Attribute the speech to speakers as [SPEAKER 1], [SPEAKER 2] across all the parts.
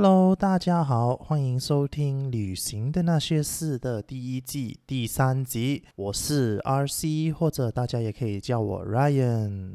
[SPEAKER 1] Hello，大家好，歡迎收聽《旅行的那些事》的第一季第三集。我是 RC，或者大家也可以叫我 Ryan。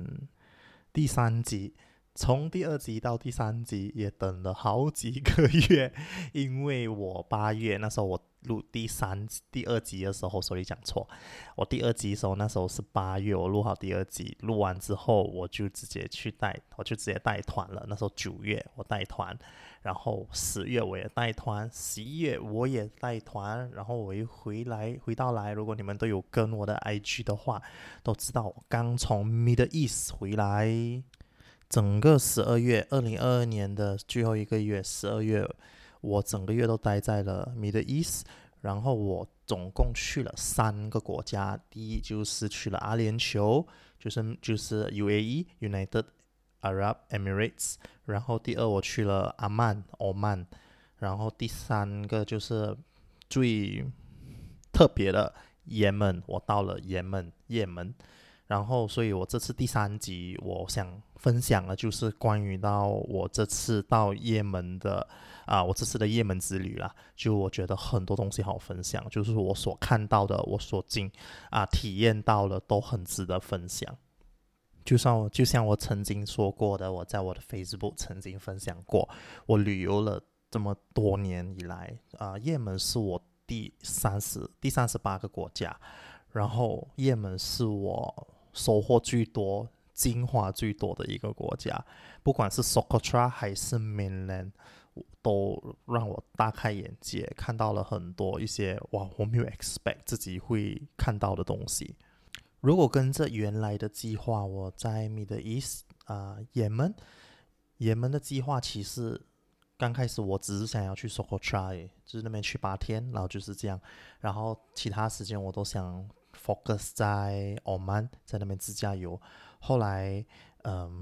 [SPEAKER 1] 第三集，從第二集到第三集也等了好幾個月，因為我八月那時候我。錄第三、第二集的時候，所以講錯。我第二集的時候，那時候是八月，我錄好第二集，錄完之後我就直接去帶，我就直接帶團了。那時候九月我帶團，然後十月我也帶團，十一月我也帶團，然後我一回來回到來。如果你們都有跟我的 IG 的話，都知道我剛從 Middle East 回來，整個十二月，二零二二年的最後一個月，十二月。我整個月都待在了 Middle East，然後我總共去了三個國家，第一就是去了阿聯酋，就是就是 UAE, United Arab Emirates，然後第二我去了阿曼 Oman，然後第三個就是最特別的也門，我到了也門，也門，然後所以我這次第三集我想。分享了就是關於到我這次到也門的啊，我這次的也門之旅啦，就我覺得很多東西好分享，就是我所看到的，我所經啊體驗到的都很值得分享。就像我就像我曾經說過的，我在我的 Facebook 曾經分享過，我旅遊了這麼多年以來啊，也門是我第三十第三十八個國家，然後也門是我收穫最多。精華最多的一個國家，不管是 Socotra 還是 Mainland，都讓我大開眼界，看到了很多一些哇我沒有 expect 自己會看到的東西。如果跟着原來的計劃，我在 Middle East 啊、呃，也門，也門的計劃其實剛開始我只是想要去 Socotra，就是那邊去八天，然後就是這樣，然後其他時間我都想 focus 在 Oman，在那邊自駕遊。後來，嗯，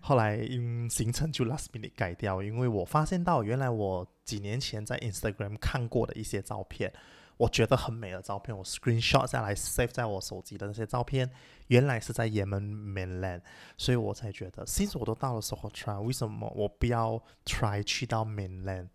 [SPEAKER 1] 後來因、嗯、行程就 last minute 改掉，因為我發現到原來我幾年前在 Instagram 看過的一些照片，我覺得很美的照片，我 Screenshot 下來 save 在我手機的那些照片，原來是在也門 Mainland，所以我才覺得，since 我都到了索科特拉，try, 為什麼我不要 try 去到 Mainland？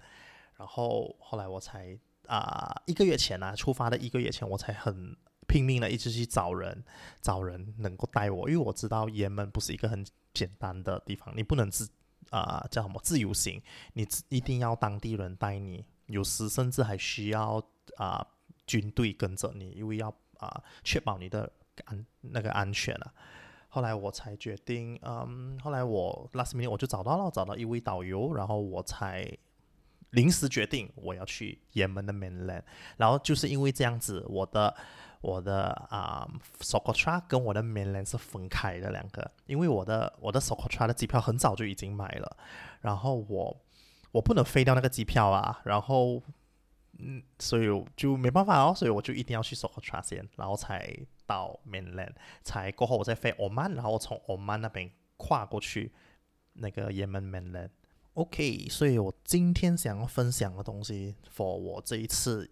[SPEAKER 1] 然後後來我才啊、呃，一個月前啊出發的一個月前，我才很。拼命的一直去找人，找人能夠帶我，因為我知道也門不是一個很簡單的地方，你不能自啊、呃、叫什麼自由行，你自一定要當地人帶你，有時甚至還需要啊、呃、軍隊跟着你，因為要啊、呃、確保你的安那個安全啊。後來我才決定，嗯，後來我 last minute 我就找到了，找到一位導遊，然後我才臨時決定我要去也門的 mainland，然後就是因為這樣子，我的。我的啊，um，Socotra 跟我的 mainland 是分開的兩個，因為我的我的 Socotra 的機票很早就已經買了，然後我我不能飛掉那個機票啊，然後嗯，所以就沒辦法哦，所以我就一定要去 Socotra 先，然後才到 mainland，才過後我再飛 Oman，然後我從 Oman 那邊跨過去那個也門 mainland，OK，okay, 所以我今天想要分享的東西，for 我這一次。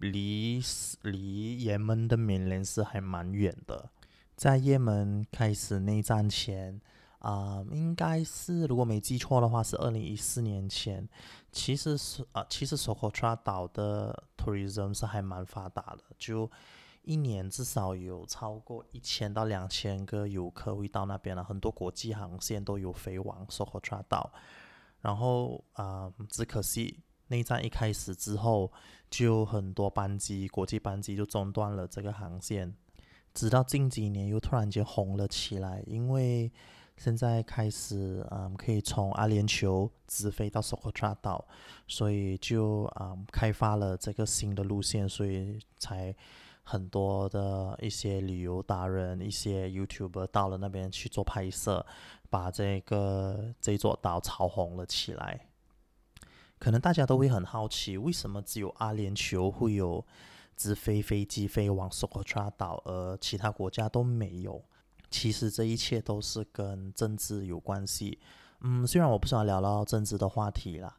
[SPEAKER 1] 離離也門的 mainland 是還蠻遠的，在也門開始內戰前，啊、嗯，應該是如果沒記錯的話是二零一四年前。其實是啊，其實索科特拉島的 tourism 是還蠻發達的，就一年至少有超過一千到兩千個遊客會到那邊了，很多國際航線都有飛往索科特拉島。然後啊、嗯，只可惜。內戰一開始之後，就很多班機，國際班機就中斷了這個航線。直到近幾年又突然間紅了起來，因為現在開始，嗯，可以從阿聯酋直飛到索科特拉島，所以就啊、嗯、開發了這個新的路線，所以才很多的一些旅遊達人、一些 YouTuber 到了那邊去做拍攝，把這個這座島炒紅了起來。可能大家都會很好奇，為什麼只有阿聯酋會有直飛飛機飛往索科特拉島，而其他國家都沒有？其實這一切都是跟政治有關係。嗯，雖然我不想聊到政治的話題啦，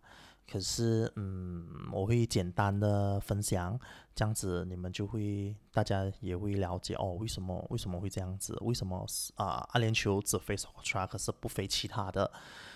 [SPEAKER 1] 可是嗯，我會簡單的分享，這樣子你們就會大家也會了解哦，為什麼為什麼會這樣子？為什麼是啊？阿聯酋只飛索科特拉，可是不飛其他的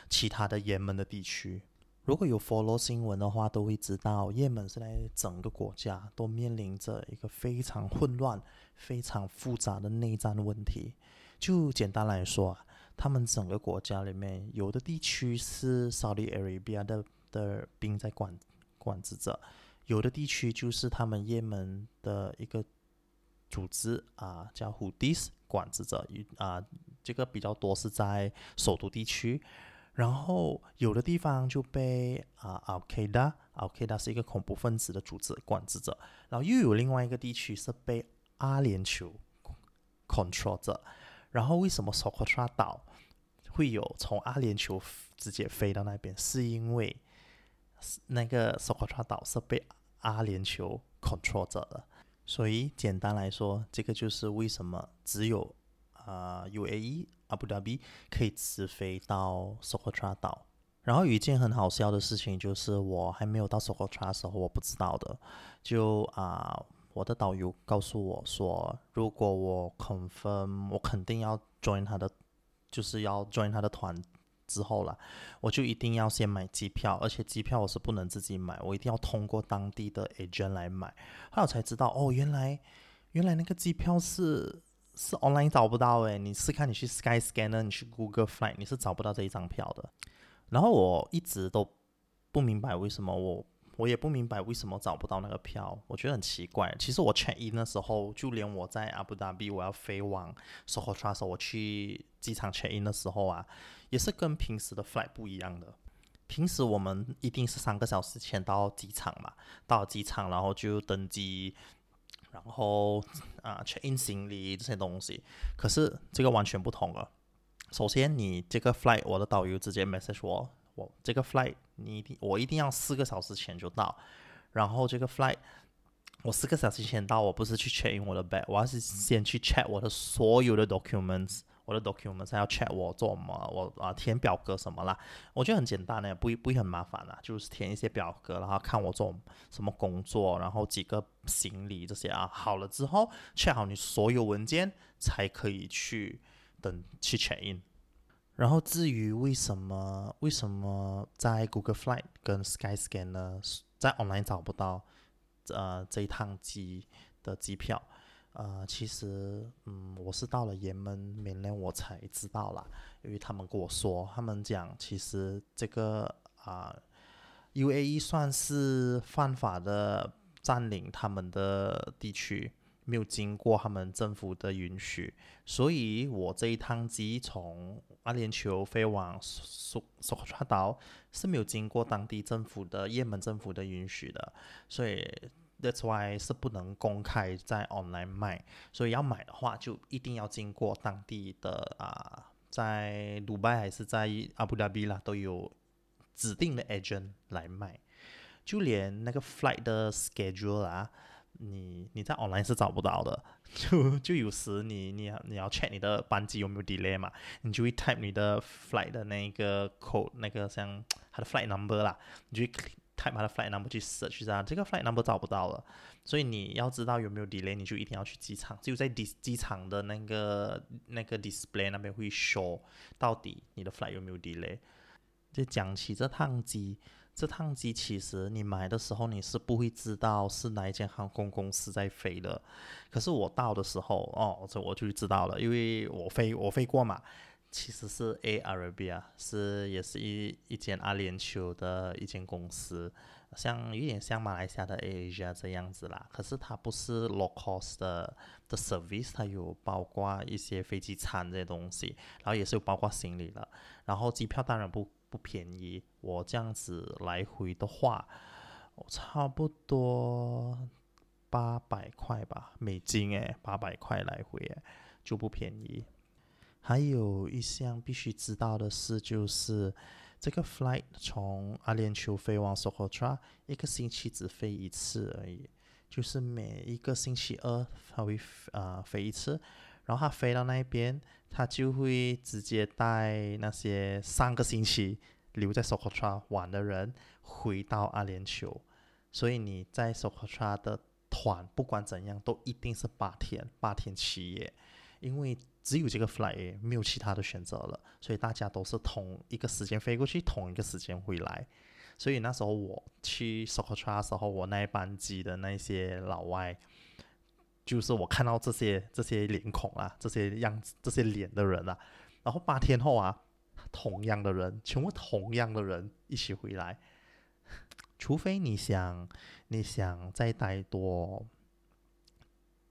[SPEAKER 1] 其他的也門的地區。如果有 follow 新聞的話，都會知道，也門現在整個國家都面臨着一個非常混亂、非常複雜的內戰問題。就簡單來說，他們整個國家裡面，有的地區是 Saudi Arabia 的的兵在管管制着，有的地區就是他們也門的一個組織啊，叫 Houthis 管制着，啊，這個比較多是在首都地區。然後有的地方就被啊、呃、Al Qaeda，Al Qaeda 是一個恐怖分子的組織，管制著。然後又有另外一個地區是被阿聯酋 control 着。然後為什麼索科特拉島會有從阿聯酋直接飛到那邊？是因為那個索科特拉島是被阿聯酋 control 着的。所以簡單來說，這個就是為什麼只有。啊，UAE、UW、uh, UA e, 可以直飛到蘇格拉島。然後有一件很好笑的事情，就是我還沒有到 Socotra、ok、的時候，我不知道的。就啊，uh, 我的導遊告訴我說，如果我 confirm，我肯定要 join 他的，就是要 join 他的團之後了，我就一定要先買機票。而且機票我是不能自己買，我一定要通過當地的 agent 來買。後來才知道，哦，原來原來那個機票是。是 online 找不到誒，你試看你去 Sky Scanner，你去 Google Flight，你是找不到這一張票的。然後我一直都不明白為什麼我，我也不明白為什麼找不到那個票，我覺得很奇怪。其實我 check in 的時候，就連我在阿布達比，我要飛往 Socotra，我去機場 check in 的時候啊，也是跟平時的 flight 不一樣的。平時我們一定是三個小時前到機場嘛，到機場然後就登機。然後啊，uh，check in 行李這些東西，可是這個完全不同了。首先，你這個 flight，我的導遊直接 message 我，我這個 flight 你一定，我一定要四個小時前就到。然後這個 flight，我四個小時前到，我不是去 check in 我的 bag，我是先去 check 我的所有的 documents。我的 documents 上要 check 我做什麼，我啊填表格什麼啦，我覺得很簡單欸，不會不會很麻煩啦、啊，就是填一些表格，然後看我做什麼工作，然後幾個行李這些啊，好了之後 check 好你所有文件，才可以去等去 check in。然後至於為什麼為什麼在 Google Flight 跟 Skyscanner 在 online 找不到呃這一趟機的機票？呃，其實，嗯，我是到了也門、明年我才知道了，因為他們跟我說，他們講，其實這個啊、呃、，UAE 算是犯法的占領他們的地區，沒有經過他們政府的允許，所以我這一趟機從阿聯酋飛往索索科特拉島是沒有經過當地政府的、也門政府的允許的，所以。That's why 是不能公開在 online 賣，所以要買的話就一定要經過當地的啊，在杜拜還是在阿布達比啦，都有指定的 agent 來賣。就連那個 flight 的 schedule 啊，你你在 online 是找不到的，就就有時你你要你要 check 你的班機有沒有 delay 嘛，你就會 type 你的 flight 的那個 code，那個像它的 flight number 啦，你就會。太麻煩的 flight number 去 search 啊，這個 flight number 找不到了，所以你要知道有沒有 delay，你就一定要去機場，只有在機場的那個那個 display 那邊會 show 到底你的 flight 有沒有 delay。就講起這趟機，這趟機其實你買的時候你是不會知道是哪一間航空公司在飛的，可是我到的時候哦，這我就知道了，因為我飛我飛過嘛。其實是 Air Arabia，是也是一一間阿聯酋的一間公司，像有點像馬來西亞的 AirAsia 這樣子啦。可是它不是 low cost 的的 service，它有包括一些飛機餐這些東西，然後也是有包括行李的。然後機票當然不不便宜，我這樣子來回的話，差不多八百塊吧，美金誒，八百塊來回誒，就不便宜。還有一項必須知道的事，就是這個 flight 從阿聯酋飛往 Socotra 一個星期只飛一次而已，就是每一個星期二它會呃飛、呃、飛一次，然後他飛到那一邊，他就會直接帶那些上個星期留在 Socotra 玩的人回到阿聯酋，所以你在 Socotra 的團不管怎樣都一定是八天八天七夜，因為。只有這個 fly 沒有其他的選擇了，所以大家都是同一個時間飛過去，同一個時間回來。所以那時候我去 Socotra 的時候，我那一班機的那些老外，就是我看到這些這些臉孔啊，這些樣子、這些臉的人啊。然後八天後啊，同樣的人，全部同樣的人一起回來，除非你想，你想再待多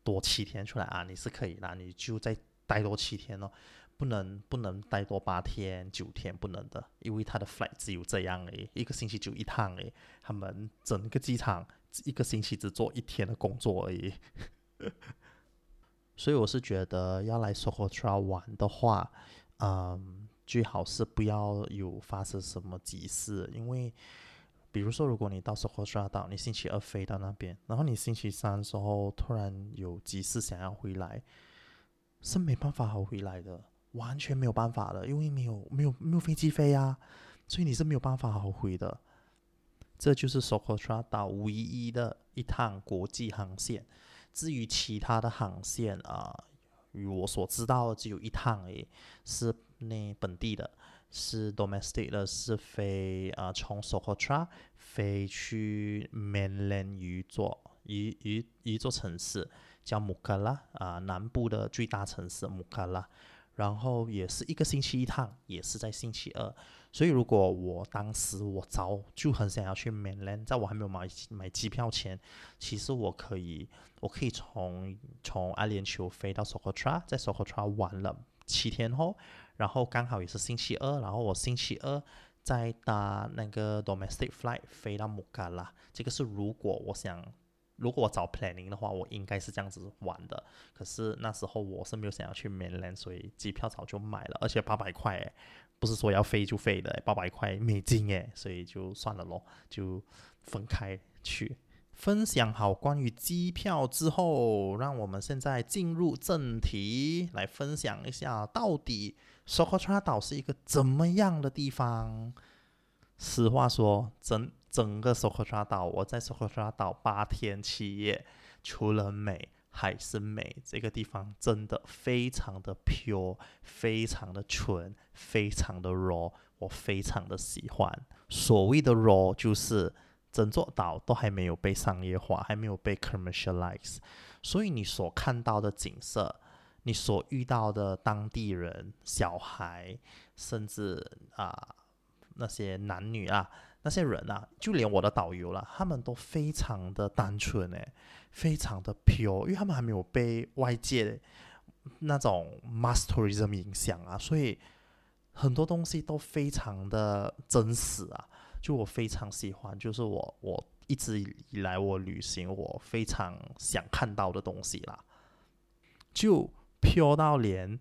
[SPEAKER 1] 多七天出來啊，你是可以的，你就再。待多七天哦，不能不能待多八天、九天不能的，因為他的 flight 只有這樣誒、哎，一個星期就一趟誒、哎，他們整個機場一個星期只做一天的工作而已。 所以我是覺得要來 Socotra 玩的話，嗯，最好是不要有發生什麼急事，因為比如說，如果你到 Socotra 島，你星期二飛到那邊，然後你星期三的時候突然有急事想要回來。是沒辦法好回來的，完全沒有辦法的，因為沒有沒有沒有飛機飛啊，所以你是沒有辦法好回的。這就是 Socotra 島唯一的一趟國際航線。至於其他的航線啊，我所知道的只有一趟誒，是那本地的，是 domestic 的，是飛啊從 Socotra 飛去 mainland 一座一一一座城市。叫穆卡拉啊，南部的最大城市穆卡拉，然後也是一個星期一趟，也是在星期二。所以如果我當時我早就很想要去 mainland，在我還沒有買買機票前，其實我可以，我可以從從阿聯酋飛到 Socotra，在 Socotra 玩了七天後，然後剛好也是星期二，然後我星期二再搭那個 domestic flight 飛到穆卡拉。這個是如果我想。如果我找 planning 的話，我應該是這樣子玩的。可是那時候我是沒有想要去 Mainland，所以機票早就買了，而且八百塊，不是說要飛就飛的，八百塊美金耶，所以就算了咯。就分開去分享好。關於機票之後，讓我們現在進入正題，來分享一下到底 Socotra 島是一個怎麼樣的地方。實話說，真。整個索科特拉島，我在索科特拉島八天七夜，除了美還是美。這個地方真的非常的 pure，非常的純，非常的 raw，我非常的喜歡。所謂的 raw 就是整座島都還沒有被商業化，還沒有被 commercialize，所以你所看到的景色，你所遇到的當地人、小孩，甚至啊、呃、那些男女啊。那些人啊，就連我的導遊了，他們都非常的單純哎，非常的 pure，因為他們還沒有被外界那種 mass tourism 影響啊，所以很多東西都非常的真實啊，就我非常喜歡，就是我我一直以來我旅行我非常想看到的東西啦，就 pure 到連。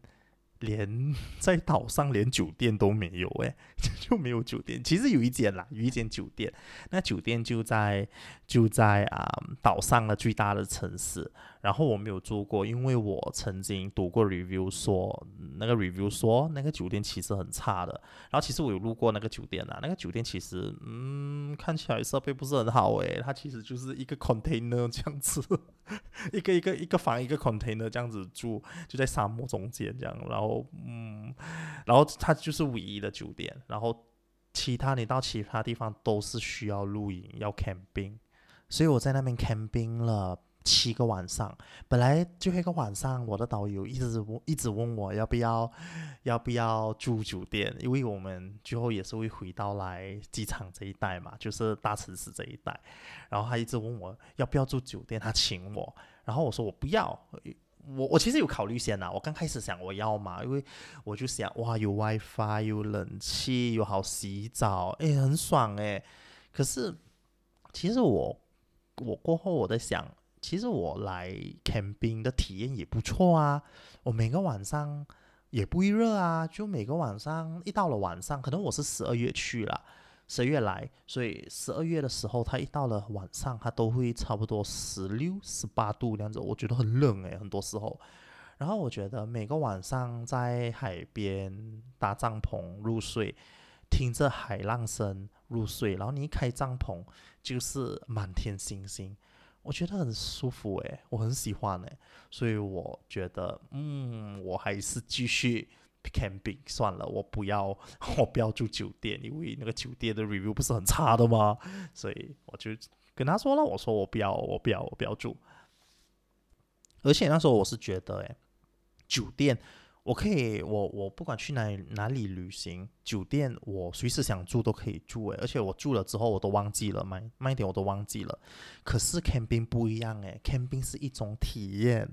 [SPEAKER 1] 連在島上連酒店都沒有哎，這就沒有酒店。其實有一間啦，有一間酒店，那酒店就在就在啊，嗯，島上的最大的城市。然後我沒有住過，因為我曾經讀過 review 說那個 review 說那個酒店其實很差的。然後其實我有路過那個酒店啦、啊，那個酒店其實嗯看起來設備不是很好誒、欸，它其實就是一個 container 這樣子，一個一個一個房一個 container 這樣子住，就在沙漠中間這樣。然後嗯，然後它就是唯一的酒店，然後其他你到其他地方都是需要露營要 camping，所以我在那邊 camping 了。七個晚上，本來最後一個晚上，我的導遊一直問，一直問我要不要，要不要住酒店？因為我們最後也是會回到來機場這一帶嘛，就是大城市這一帶。然後他一直問我要不要住酒店，他請我。然後我說我不要，我我其實有考慮先吶、啊。我剛開始想我要嘛，因為我就想哇，有 WiFi，有冷氣，又好洗澡，誒、哎，很爽誒、欸，可是其實我我過後我在想。其實我來 camping 的體驗也不錯啊，我每個晚上也不會熱啊，就每個晚上一到了晚上，可能我是十二月去了，十二月來，所以十二月的時候，它一到了晚上，它都會差不多十六、十八度那樣子。我覺得很冷誒、哎，很多時候。然後我覺得每個晚上在海邊搭帳篷入睡，聽着海浪聲入睡，然後你一開帳篷，就是滿天星星。我覺得很舒服誒，我很喜歡誒。所以我覺得，嗯，我還是繼續 camping 算了，我不要，我不要住酒店，因為那個酒店的 review 不是很差的嗎？所以我就跟他說了，我說我不要，我不要，我不要住，而且那時候我是覺得，誒，酒店。我可以，我我不管去哪裡哪裡旅行，酒店我隨時想住都可以住，誒。而且我住了之後我都忘記了，慢慢一點我都忘記了。可是 camping 不一樣，誒 camping 是一種體驗，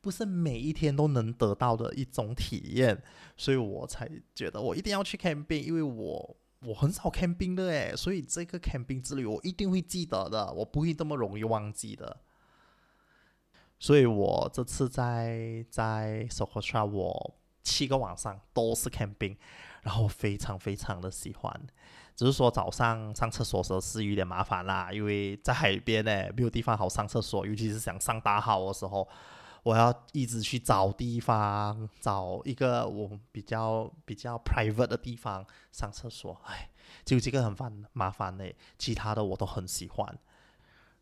[SPEAKER 1] 不是每一天都能得到的一種體驗，所以我才覺得我一定要去 camping，因為我我很少 camping 的，誒，所以這個 camping 之旅我一定會記得的，我不會這麼容易忘記的。所以我這次在在索科特拉，我七個晚上都是 camping，然後非常非常的喜歡，只是說早上上廁所時候是有點麻煩啦，因為在海邊呢沒有地方好上廁所，尤其是想上大號的時候，我要一直去找地方，找一個我比較比較 private 的地方上廁所，唉，就這個很煩麻煩嘞，其他的我都很喜歡。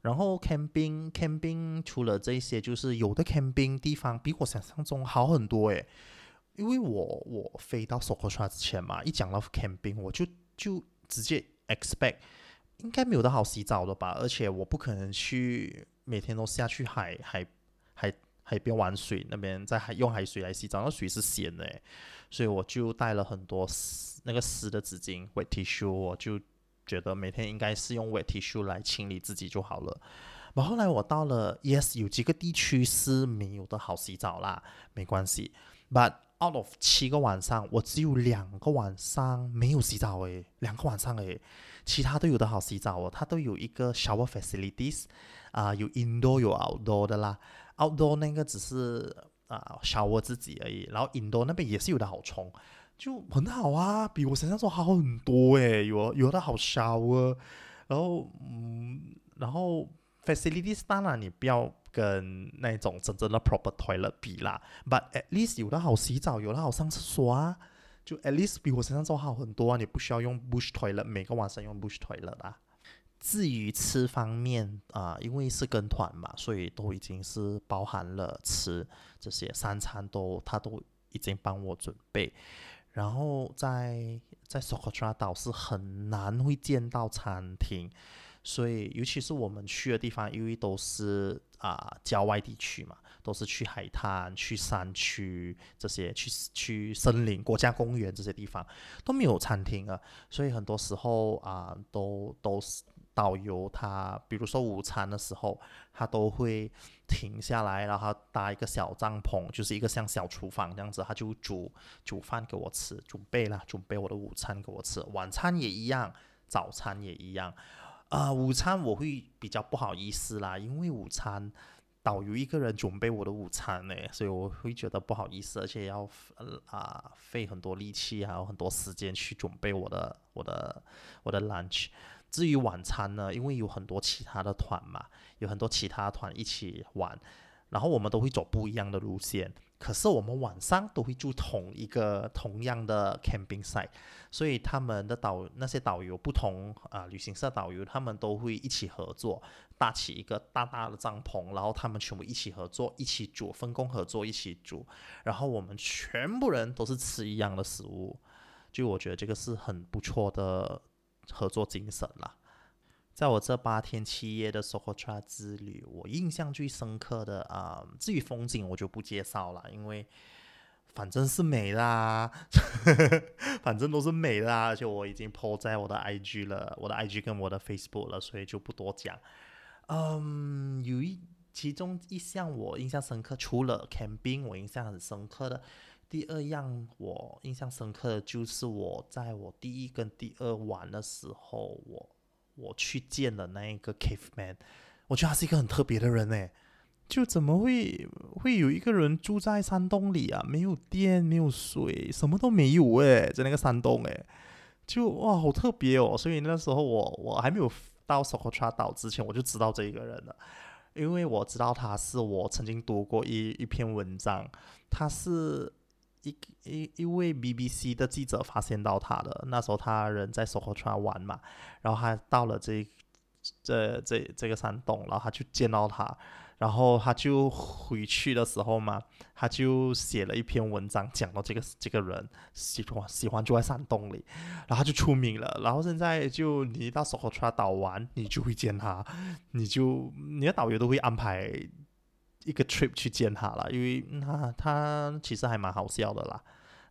[SPEAKER 1] 然後 camping camping 除了這些，就是有的 camping 地方比我想象中好很多誒，因為我我飛到索科特拉之前嘛，一講到 camping 我就就直接 expect 應該沒有得好洗澡的吧。而且我不可能去每天都下去海海海海、海邊玩水，那邊在海用海水來洗澡，那水是鹹的。所以我就帶了很多濕那個濕的紙巾、wet tissue 我就。覺得每天應該是用 wet tissue 來清理自己就好了。然後後來我到了 yes 有幾個地區是沒有的好洗澡啦，沒關係。But out of 七個晚上，我只有兩個晚上沒有洗澡誒、欸，兩個晚上誒、欸，其他都有的好洗澡哦，它都有一個 shower facilities，啊，有 indoor 有 outdoor 的啦。Outdoor 那個只是啊 shower 自己而已，然後 indoor 那邊也是有的好沖。就很好啊，比我想象中好很多誒、欸，有有的好 shower 啊，然後嗯，然後 facilities 當、啊、然，你不要跟那種真正的 proper toilet 比啦，but at least 有的好洗澡，有的好上廁所啊，就 at least 比我想象中好很多啊，你不需要用 bush toilet 每個晚上用 bush toilet 啦，啊。至於吃方面啊、呃，因為是跟團嘛，所以都已經是包含了吃這些，三餐都他都已經幫我準備。然後在在 Socotra 島是很難會見到餐廳，所以尤其是我們去的地方，因為都是啊、呃、郊外地區嘛，都是去海灘、去山區這些、去去森林、國家公園這些地方都沒有餐廳啊，所以很多時候啊、呃、都都是導遊他，比如說午餐的時候，他都會。停下來，然後他搭一個小帳篷，就是一個像小廚房這樣子，他就煮煮飯給我吃，準備啦，準備我的午餐給我吃，晚餐也一樣，早餐也一樣。啊、呃，午餐我會比較不好意思啦，因為午餐導遊一個人準備我的午餐誒、欸，所以我會覺得不好意思，而且要、呃、啊費很多力氣還有很多時間去準備我的我的我的 lunch。至於晚餐呢，因為有很多其他的團嘛，有很多其他的團一起玩，然後我們都會走不一樣的路線，可是我們晚上都會住同一個同樣的 camping site，所以他們的導那些導遊不同啊，呃，旅行社導遊他們都會一起合作搭起一個大大的帳篷，然後他們全部一起合作，一起煮，分工合作一起煮，然後我們全部人都是吃一樣的食物，就我覺得這個是很不錯的。合作精神啦，在我這八天七夜的 Socotra 之旅，我印象最深刻的啊、嗯，至於風景我就不介紹了，因為反正是美啦， 反正都是美啦，而且我已經 po 在我的 IG 了，我的 IG 跟我的 Facebook 了，所以就不多講。嗯，有一其中一項我印象深刻，除了 camping，我印象很深刻的。第二樣我印象深刻的，就是我在我第一跟第二玩的時候，我我去見的那一個 cave man，我覺得他是一個很特別的人哎，就怎麼會會有一個人住在山洞裡啊？沒有電，沒有水，什麼都沒有誒，在那個山洞誒，就哇好特別哦！所以那時候我我還沒有到 s 候查 o a 島之前，我就知道這一個人了，因為我知道他是我曾經讀過一一篇文章，他是。一一一位 BBC 的記者發現到他的，那時候他人在索科特拉玩嘛，然後他到了這這這這個山洞，然後他就見到他，然後他就回去的時候嘛，他就寫了一篇文章講到這個這個人喜歡喜歡住在山洞裡，然後他就出名了，然後現在就你到索科特拉島玩，你就會見他，你就你的導遊都會安排。一個 trip 去見他了，因為他他其實還蠻好笑的啦，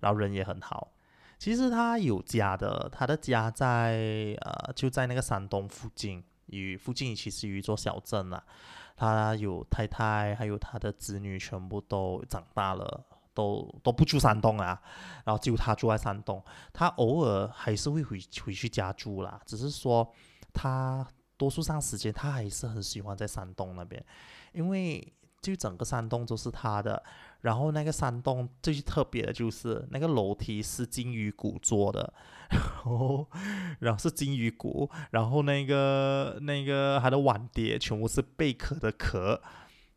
[SPEAKER 1] 然後人也很好。其實他有家的，他的家在呃就在那個山洞附近，與附近其實有一座小鎮啦、啊。他有太太，還有他的子女，全部都長大了，都都不住山洞啊。然後就他住在山洞，他偶爾還是會回回去家住啦，只是說他多數上時間他還是很喜歡在山洞那邊，因為。就整個山洞都是他的，然後那個山洞最特別的就是那個樓梯是鯨魚骨做的，然後然後是鯨魚骨，然後那個那個他的碗碟全部是貝殼的殼，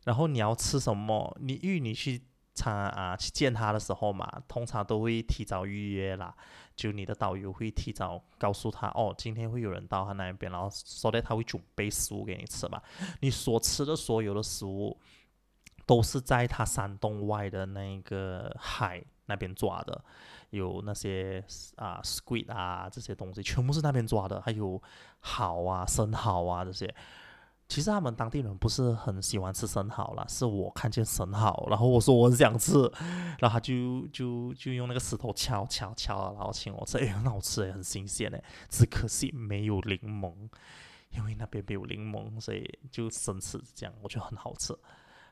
[SPEAKER 1] 然後你要吃什麼？你因為你去查啊去見他的時候嘛，通常都會提早預約啦，就你的導遊會提早告訴他哦，今天會有人到他那邊，然後說的他會準備食物給你吃嘛，你所吃的所有的食物。都是在他山洞外的那個海那邊抓的，有那些啊，squid 啊，這些東西全部是那邊抓的，還有蠔啊、生蠔啊這些。其實他們當地人不是很喜歡吃生蠔啦，是我看見生蠔，然後我說我很想吃，然後他就就就用那個石頭敲敲敲，敲，然後請我吃。哎呦，很好吃哎，很新鮮哎。只可惜沒有檸檬，因為那邊沒有檸檬，所以就生吃這樣，我覺得很好吃。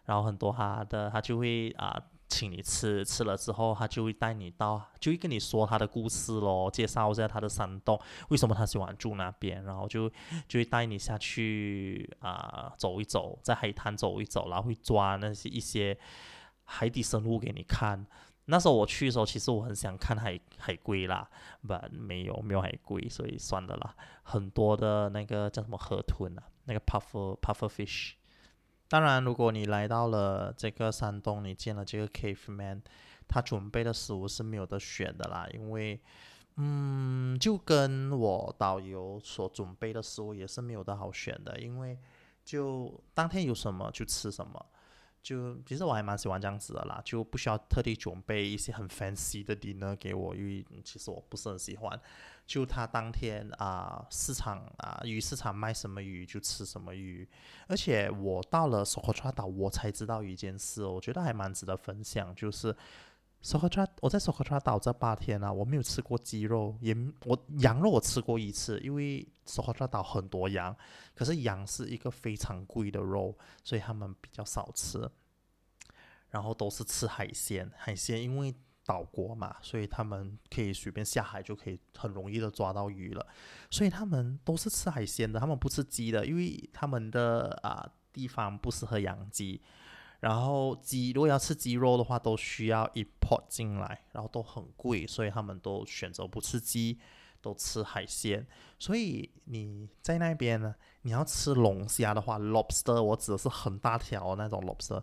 [SPEAKER 1] 然後很多他的他就會啊、呃，請你吃吃了之後，他就會帶你到，就會跟你說他的故事咯，介紹一下他的山洞，為什麼他喜歡住那邊，然後就就會帶你下去啊、呃、走一走，在海灘走一走，然後會抓那些一些海底生物給你看。那時候我去的時候，其實我很想看海海龜啦，不然沒有沒有海龜，所以算的啦。很多的那個叫什麼河豚啊，那個 puffer puffer fish。當然，如果你來到了這個山東，你見了這個 caveman，他準備的食物是沒有得選的啦。因為，嗯，就跟我導遊所準備的食物也是沒有得好選的，因為就當天有什麼就吃什麼。就其實我還蠻喜歡這樣子的啦，就不需要特地準備一些很 fancy 的 dinner 給我，因為其實我不是很喜歡。就他當天啊、呃，市場啊、呃，魚市場賣什麼魚就吃什麼魚。而且我到了索科特拉島，我才知道一件事，我覺得還蠻值得分享，就是。Socotra, 我在 Socotra 島這八天啊，我沒有吃過雞肉，也我羊肉我吃過一次，因為 Socotra 島很多羊，可是羊是一個非常貴的肉，所以他們比較少吃。然後都是吃海鮮，海鮮因為島國嘛，所以他們可以隨便下海就可以很容易的抓到魚了，所以他們都是吃海鮮的，他們不吃雞的，因為他們的啊、呃、地方不適合養雞。然後雞如果要吃雞肉的話，都需要 import 進來，然後都很貴，所以他們都選擇不吃雞，都吃海鮮。所以你在那邊呢，你要吃龍蝦的話，lobster 我指的是很大條那種 lobster，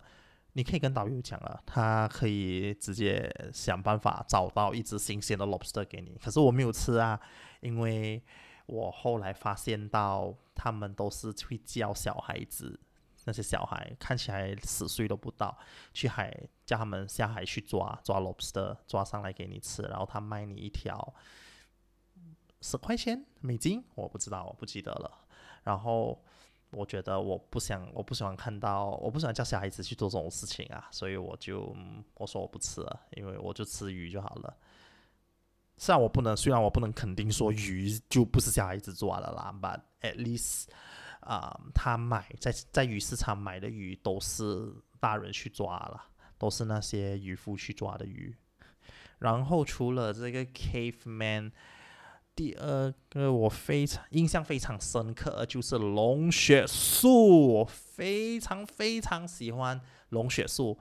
[SPEAKER 1] 你可以跟導遊講啊，他可以直接想辦法找到一隻新鮮的 lobster 給你。可是我沒有吃啊，因為我後來發現到他們都是去教小孩子。那些小孩看起來十歲都不到，去海叫他們下海去抓抓 lobster，抓上來給你吃，然後他賣你一條十塊錢美金，我不知道，我不記得了。然後我覺得我不想，我不喜歡看到，我不喜歡叫小孩子去做這種事情啊，所以我就我說我不吃了，因為我就吃魚就好了。雖然我不能，雖然我不能肯定說魚就不是小孩子抓的啦，but at least，啊，他買在在魚市場買的魚都是大人去抓了，都是那些漁夫去抓的魚。然後除了這個 caveman，第二個我非常印象非常深刻，就是龍血樹，我非常非常喜歡龍血樹，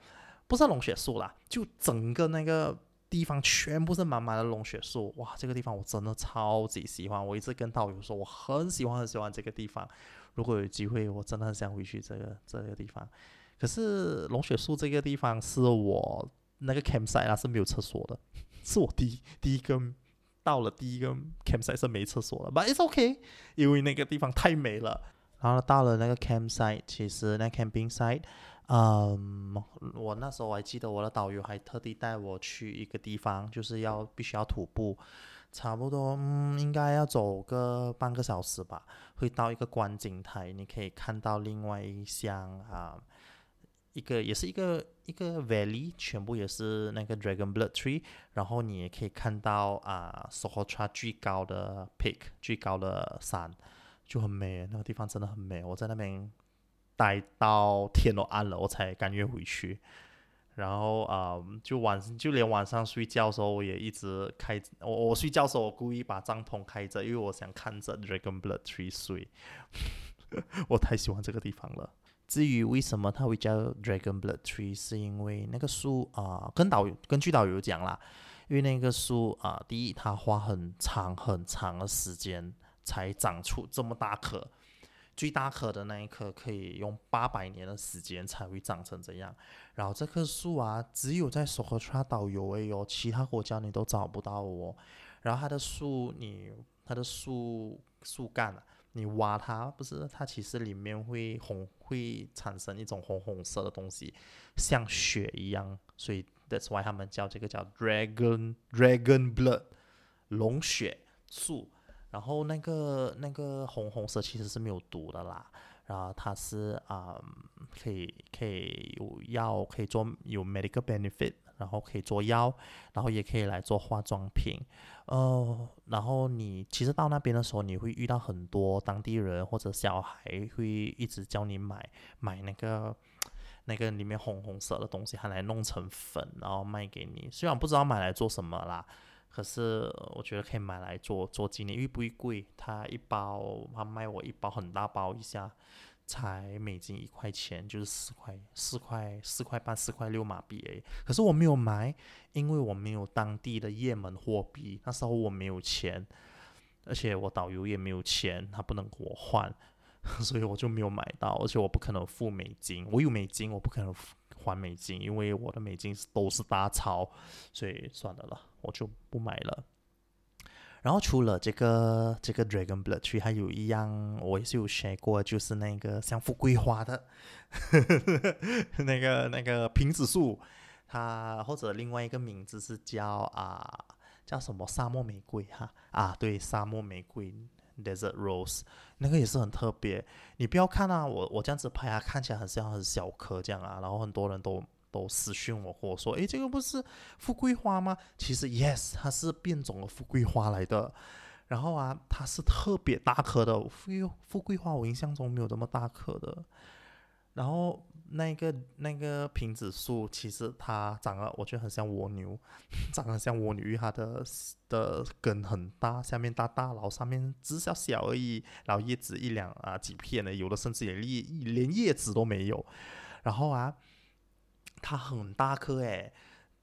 [SPEAKER 1] 不是龍血樹啦，就整個那個地方全部是滿滿的龍血樹，哇，這個地方我真的超級喜歡，我一直跟導遊說我很喜歡很喜歡這個地方。如果有機會，我真的很想回去這個這個地方。可是龍血樹這個地方是我那個 campsite 它，是沒有廁所的， 是我第一第一個到了第一個 campsite 是沒廁所的 ，But it's okay，因為那個地方太美了。然後到了那個 campsite，其實那 camping site，嗯，我那時候我還記得我的導遊還特地帶我去一個地方，就是要必須要徒步。差不多，嗯，應該要走個半個小時吧，會到一個觀景台，你可以看到另外一箱啊，一個也是一個一個 valley，全部也是那個 dragon blood tree，然後你也可以看到啊，Socotra 最高的 peak，最高的山，就很美，那個地方真的很美，我在那邊待到天都暗了，我才甘願回去。然後啊、嗯，就晚上就連晚上睡覺的時候，我也一直開我我睡覺的時候，我故意把帳篷開着，因為我想看着 Dragon Blood Tree 睡。 我太喜歡這個地方了。至於為什麼它會叫 Dragon Blood Tree，是因為那個樹啊、呃，跟導根據導遊講啦，因為那個樹啊、呃，第一它花很長很長的時間才長出這麼大棵。最大棵的那一棵，可以用八百年的時間才會長成這樣。然後這棵樹啊，只有在索科特拉島有喲、哦，其他國家你都找不到哦。然後它的樹，你它的樹樹幹你挖它，不是它其實裡面會紅，會產生一種紅紅色的東西，像血一樣。所以 that's why 他們叫這個叫 dragon dragon blood 龍血樹。然後那個那個紅紅色其實是沒有毒的啦，然後它是啊、嗯、可以可以有藥，可以做有 medical benefit，然後可以做藥，然後也可以來做化妝品，哦、呃，然後你其實到那邊的時候，你會遇到很多當地人或者小孩會一直叫你買買那個那個裡面紅紅色的東西，還來弄成粉然後賣給你，雖然不知道買來做什麼啦。可是我覺得可以買來做做紀念，因為不一貴。他一包，他賣我一包，很大包一下，才美金一塊錢，就是四塊、四塊、四塊八、四塊六馬幣而已。可是我沒有買，因為我沒有當地的葉門貨幣，那時候我沒有錢，而且我導遊也沒有錢，他不能給我換，所以我就沒有買到。而且我不可能付美金，我有美金，我不可能付。換美金，因為我的美金是都是大鈔，所以算了了，我就不買了。然後除了這個這個 Dragon Blood tree，還有一樣我也是有寫過，就是那個像富貴花的 那個那個瓶子樹，它或者另外一個名字是叫啊，叫什麼沙漠玫瑰，哈，啊對，沙漠玫瑰。Desert Rose，那個也是很特別。你不要看啊，我我這樣子拍啊，看起來很像很小顆這樣啊。然後很多人都都私訊我，和我說：“誒，這個不是富貴花嗎？”其實，yes，它是變種的富貴花來的。然後啊，它是特別大顆的富貴富貴花，我印象中沒有這麼大顆的。然後。那個那個瓶子樹，其實它長得我覺得很像蝸牛，長得像蝸牛，它的它的根很大，下面大大，然後上面只小小而已，然後葉子一兩啊幾片的，有的甚至也葉連葉子都沒有，然後啊，它很大顆誒，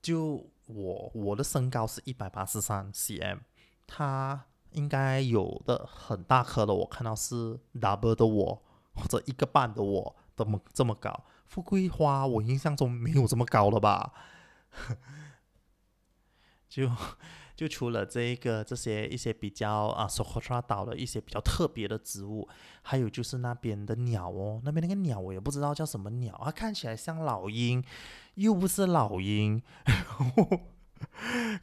[SPEAKER 1] 就我我的身高是一百八十三 cm，它應該有的很大顆的，我看到是 double 的我或者一個半的我，這麼這麼高。富貴花，我印象中沒有這麼高了吧？ 就就除了這一個，這些一些比較啊，索科特拉島的一些比較特別的植物，還有就是那邊的鳥哦，那邊那個鳥我也不知道叫什麼鳥啊，它看起來像老鷹，又不是老鷹。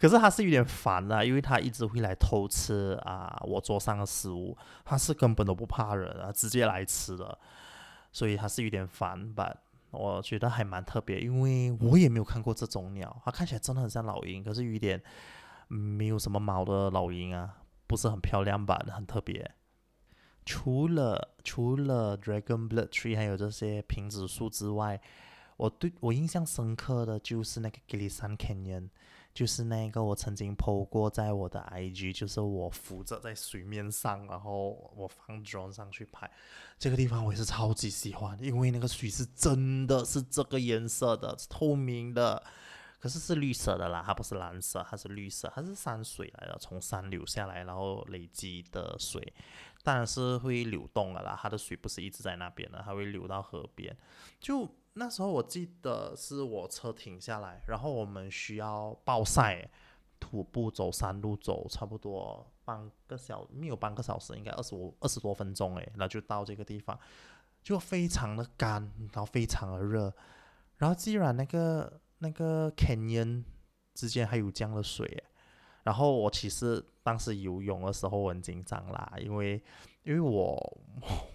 [SPEAKER 1] 可是它是有點煩啊，因為它一直會來偷吃啊，我桌上的食物，它是根本都不怕人啊，直接來吃了，所以它是有點煩吧。我覺得還蠻特別，因為我也沒有看過這種鳥，嗯、它看起來真的很像老鷹，可是有一點、嗯、沒有什麼毛的老鷹啊，不是很漂亮吧？很特別。除了除了 Dragon Blood Tree 還有這些瓶子樹之外，我對我印象深刻的就是那個 Kilisan Canyon。就是那個我曾經 po 過，在我的 IG，就是我浮着在水面上，然後我放 Drone 上去拍。這個地方我也是超級喜歡，因為那個水是真的是這個顏色的，透明的，可是是綠色的啦，它不是藍色，它是綠色，它是山水來的，從山流下來，然後累積的水，但是會流動的啦，它的水不是一直在那邊的，它會流到河邊，就。那時候我記得是我車停下來，然後，我們需要暴曬，徒步走山路走差不多半個小時，沒有半個小時，應該二十五二十多分鐘誒，哎，那就到這個地方，就非常的乾，然後非常的熱，然後既然那個那個 canyon 之間還有這樣的水，哎，然後我其實。當時游泳的時候我很緊張啦，因為因為我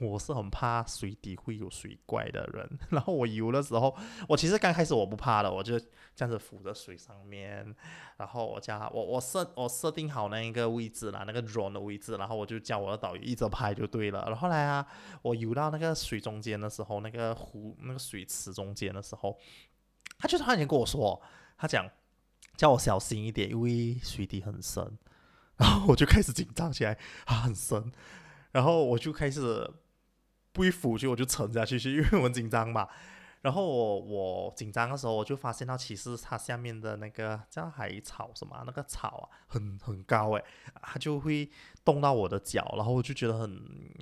[SPEAKER 1] 我是很怕水底會有水怪的人。然後我游的時候，我其實剛開始我不怕的，我就這樣子浮在水上面。然後我叫他，我我設我設定好那一個位置啦，那個 drone 的位置。然後我就叫我的導遊一直拍就對了。然後來啊，我游到那個水中間的時候，那個湖那個水池中間的時候，他就突然間跟我說，他講叫我小心一點，因為水底很深。然後我就開始緊張起來，啊，很深，然後我就開始不一浮，就我就沉下去是因為我很緊張嘛。然後我我緊張的時候，我就發現到其實它下面的那個叫海草什麼那個草啊，很很高哎、欸，它就會動到我的腳，然後我就覺得很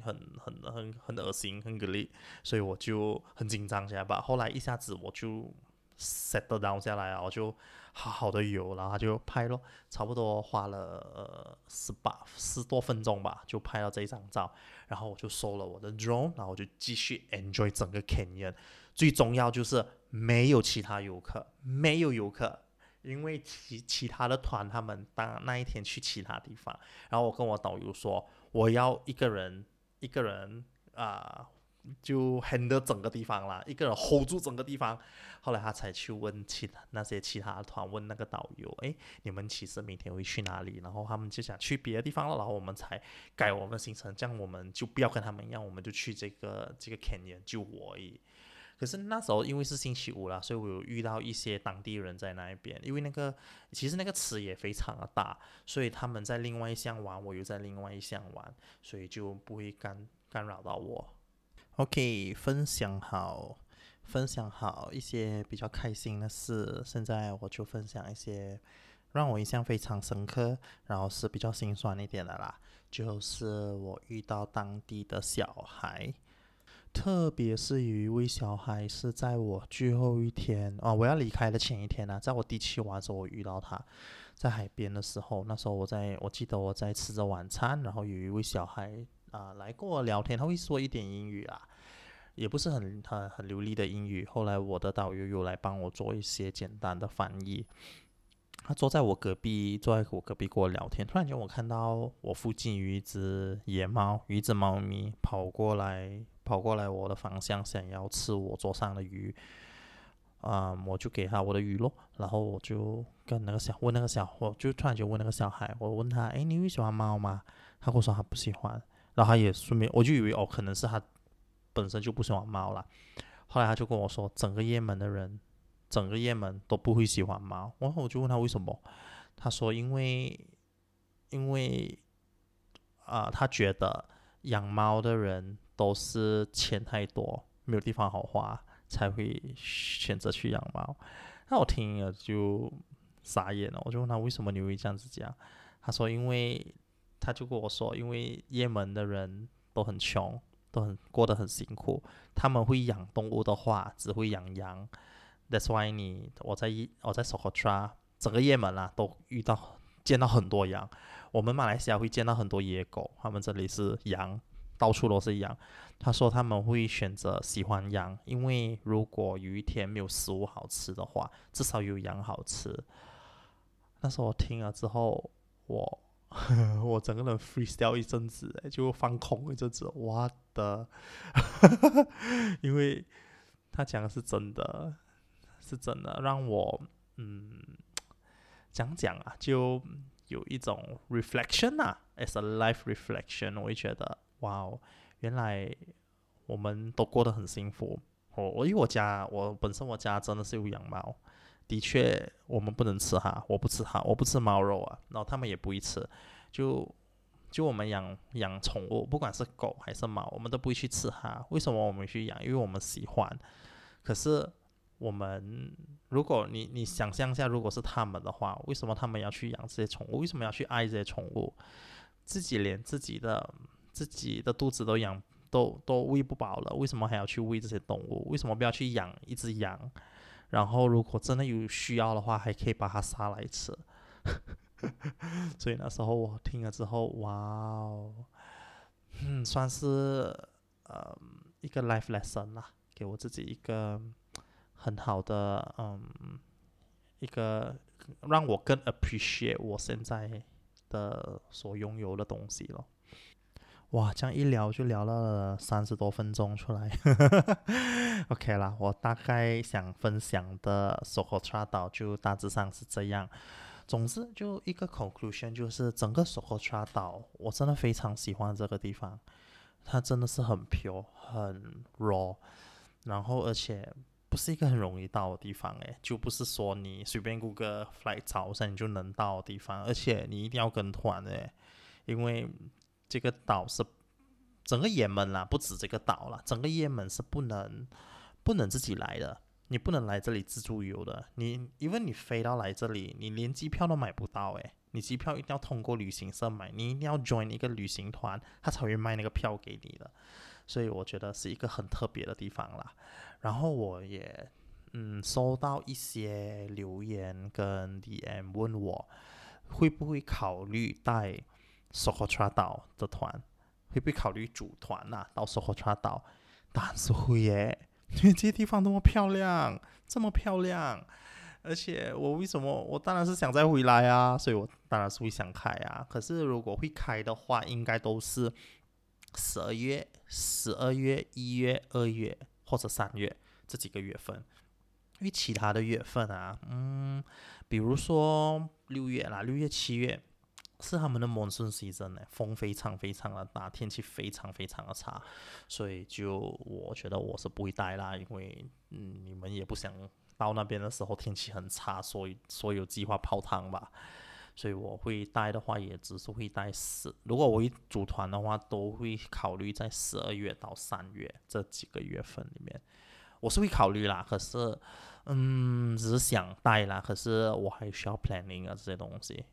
[SPEAKER 1] 很很很很噁心，很給力，所以我就很緊張起來吧。後來一下子我就 settle down 下來，我就。好好的游，然後就拍咯。差不多花了，呃、十八十多分鐘吧，就拍到這一張照。然後我就收了我的 drone，然後我就繼續 enjoy 整個 canyon。最重要就是沒有其他遊客，沒有遊客，因為其其他的團他們當那一天去其他地方。然後我跟我導遊說，我要一個人一個人啊。呃就很多整個地方了，一個人 hold 住整個地方。後來他才去問其他那些其他的團，問那個導遊：“誒，你們其實明天會去哪裡？”然後他們就想去別的地方了，然後我們才改我們的行程。這樣我們就不要跟他們一樣，我們就去這個這個 canyon 就我而已。可是那時候因為是星期五了，所以我有遇到一些當地人在那一邊。因為那個其實那個池也非常的大，所以他們在另外一項玩，我又在另外一項玩，所以就不會干干擾到我。OK，分享好，分享好一些比較開心的事。現在我就分享一些讓我印象非常深刻，然後是比較心酸一點的啦。就是我遇到當地的小孩，特別是有一位小孩是在我最後一天哦、啊，我要離開的前一天呢、啊，在我第七晚的時候我遇到他，在海邊的時候，那時候我在我記得我在吃着晚餐，然後有一位小孩啊、呃、來跟我聊天，他會說一點英語啊。也不是很很很流利的英語。後來我的導遊又來幫我做一些簡單的翻譯。他坐在我隔壁，坐在我隔壁跟我聊天。突然間，我看到我附近有一隻野貓，一隻貓咪跑過來，跑過來我的方向，想要吃我桌上的魚。啊、嗯，我就給他我的魚咯。然後我就跟那個小問那個小，我就突然間問那個小孩，我問他，誒，你會喜歡貓嗎？他跟我說他不喜歡。然後他也順便，我就以為哦，可能是他。本身就不喜歡貓啦，後來他就跟我說，整個葉門的人，整個葉門都不會喜歡貓。然後我就問他為什麼，他說因為因為啊、呃，他覺得養貓的人都是錢太多，沒有地方好花，才會選擇去養貓。那我聽了就傻眼了，我就問他為什麼你會這樣子講？他說，因為他就跟我說，因為葉門的人都很窮。都很過得很辛苦，他們會養動物的話，只會養羊。That's why 你我在一我在 Socotra 整個葉門啊，都遇到見到很多羊。我們馬來西亞會見到很多野狗，他們這裡是羊，到處都是羊。他說他們會選擇喜歡羊，因為如果有一天沒有食物好吃的話，至少有羊好吃。那時候我聽了之後，我。 我整個人 freeze 掉一陣子，哎，就放空一陣子，我的，因為，他講的是真的，是真的，讓我嗯，講講啊，就有一種 reflection 啊，as a life reflection，我會覺得，哇哦，原來我們都過得很幸福，我、哦、我因為我家，我本身我家真的是有養貓。的確，我們不能吃它，我不吃它，我不吃貓肉啊。然後他們也不會吃，就就我們養養寵物，不管是狗還是貓，我們都不會去吃它。為什麼我們去養？因為我們喜歡。可是我們，如果你你想象一下，如果是他們的話，為什麼他們要去養這些寵物？為什麼要去愛這些寵物？自己連自己的自己的肚子都養都都餵不飽了，為什麼還要去餵這些動物？為什麼不要去養一只羊？然後，如果真的有需要的話，還可以把它殺來吃。 所以那時候我聽了之後，哇哦，嗯，算是嗯一個 life lesson 啦，給我自己一個很好的嗯一個讓我更 appreciate 我現在的所擁有的東西了。哇，這樣一聊就聊了三十多分鐘出來 ，OK 啦。我大概想分享的索科特拉島就大致上是這樣。總之，就一個 conclusion 就是整個索科特拉島，我真的非常喜歡這個地方。它真的是很 pure、很 raw，然後而且不是一個很容易到的地方誒，就不是說你隨便 Google flight 早上你就能到的地方，而且你一定要跟團誒，因為。這個島是整個也門啦，不止這個島啦。整個也門是不能，不能自己來的，你不能來這裡自助遊的，你因為你飛到來這裡，你連機票都買不到誒、欸，你機票一定要通過旅行社買，你一定要 join 一個旅行團，他才會賣那個票給你的，所以我覺得是一個很特別的地方啦。然後我也嗯，收到一些留言跟 DM 問我，會不會考慮帶索科特拉島的團會不會考慮組團吶、啊？到索科特拉島，當然是會耶，因為這些地方那麼漂亮，這麼漂亮，而且我為什麼我當然是想再回來啊，所以我當然是會想開啊。可是如果會開的話，應該都是十二月、十二月、一月、二月或者三月，這幾個月份，因為其他的月份啊，嗯，比如說六月啦，六月、七月。是他們的 monsoon season 呢，風非常非常的大，天氣非常非常的差，所以就我覺得我是不會帶啦，因為嗯，你們也不想到那邊的時候天氣很差，所以所有計劃泡湯吧。所以我會帶的話，也只是會帶十。如果我一組團的話，都會考慮在十二月到三月這幾個月份裡面，我是會考慮啦。可是嗯，只是想帶啦，可是我還需要 planning 啊，這些東西。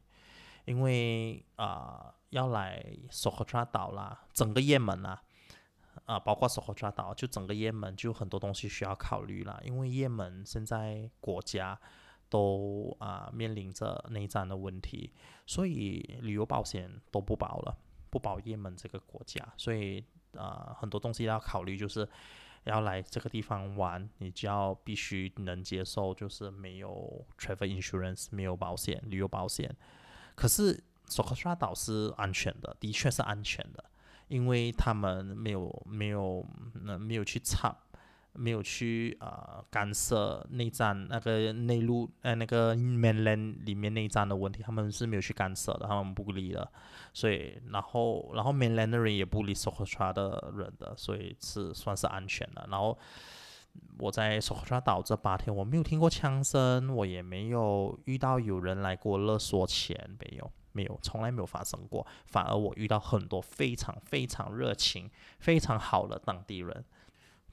[SPEAKER 1] 因為啊、呃，要來索科特拉島啦，整個也門啦，啊、呃，包括索科特拉島，就整個也門就很多東西需要考慮啦。因為也門現在國家都啊、呃、面臨着內戰的問題，所以旅遊保險都不保了，不保也門這個國家。所以啊、呃，很多東西要考慮，就是要來這個地方玩，你就要必須能接受，就是沒有 travel insurance，沒有保險，旅遊保險。可是索科特拉島是安全的，的確是安全的，因為他們沒有沒有沒有去查，沒有去啊、呃、干涉內戰那個內陸呃那個 mainland 裡面內戰的問題，他們是沒有去干涉的，他們不理的，所以然後然後 mainland 的人也不理索科特拉的人的，所以是算是安全的，然後。我在索科特拉島這八天，我沒有聽過槍聲，我也沒有遇到有人來過勒索錢，沒有，沒有，從來沒有發生過。反而我遇到很多非常非常熱情、非常好的當地人。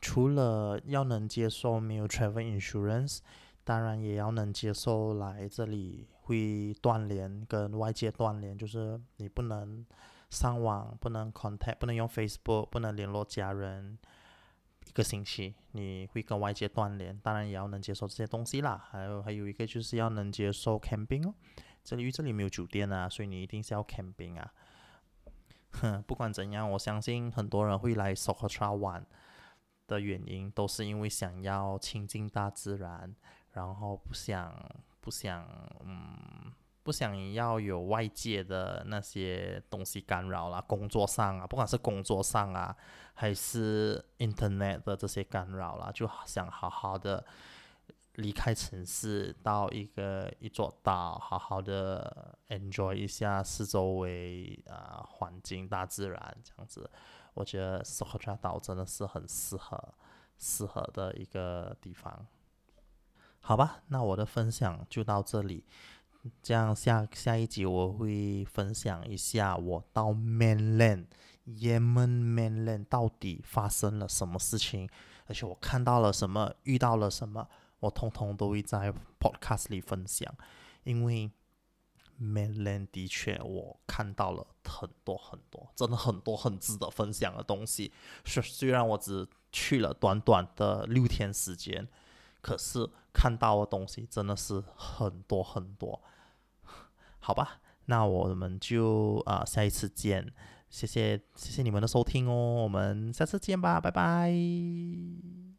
[SPEAKER 1] 除了要能接受沒有 travel insurance，當然也要能接受來這裡會斷聯，跟外界斷聯，就是你不能上網，不能 contact，不能用 Facebook，不能聯絡家人。一個星期，你會跟外界斷聯，當然也要能接受這些東西啦。還有還有一個就是要能接受 camping 哦，這裡這裡沒有酒店啊，所以你一定是要 camping 啊。哼，不管怎樣，我相信很多人會來 Socotra 玩的原因，都是因為想要親近大自然，然後不想不想，嗯。不想要有外界的那些東西干擾啦，工作上啊，不管是工作上啊，還是 Internet 的這些干擾啦，就想好好的離開城市，到一個一座島，好好的 enjoy 一下四周圍啊、呃、環境、大自然這樣子。我覺得 Socotra 島真的是很適合適合的一個地方。好吧，那我的分享就到這裡。這樣下下一集，我會分享一下我到 mainland Yemen mainland 到底發生了什麼事情，而且我看到了什麼，遇到了什麼，我通通都會在 podcast 裡分享。因為 mainland 的確我看到了很多很多，真的很多很值得分享的東西。雖雖然我只去了短短的六天時間，可是看到的東西真的是很多很多。好吧，那我們就啊，呃，下一次見，謝謝，謝謝你們的收聽哦，我們下次見吧，拜拜。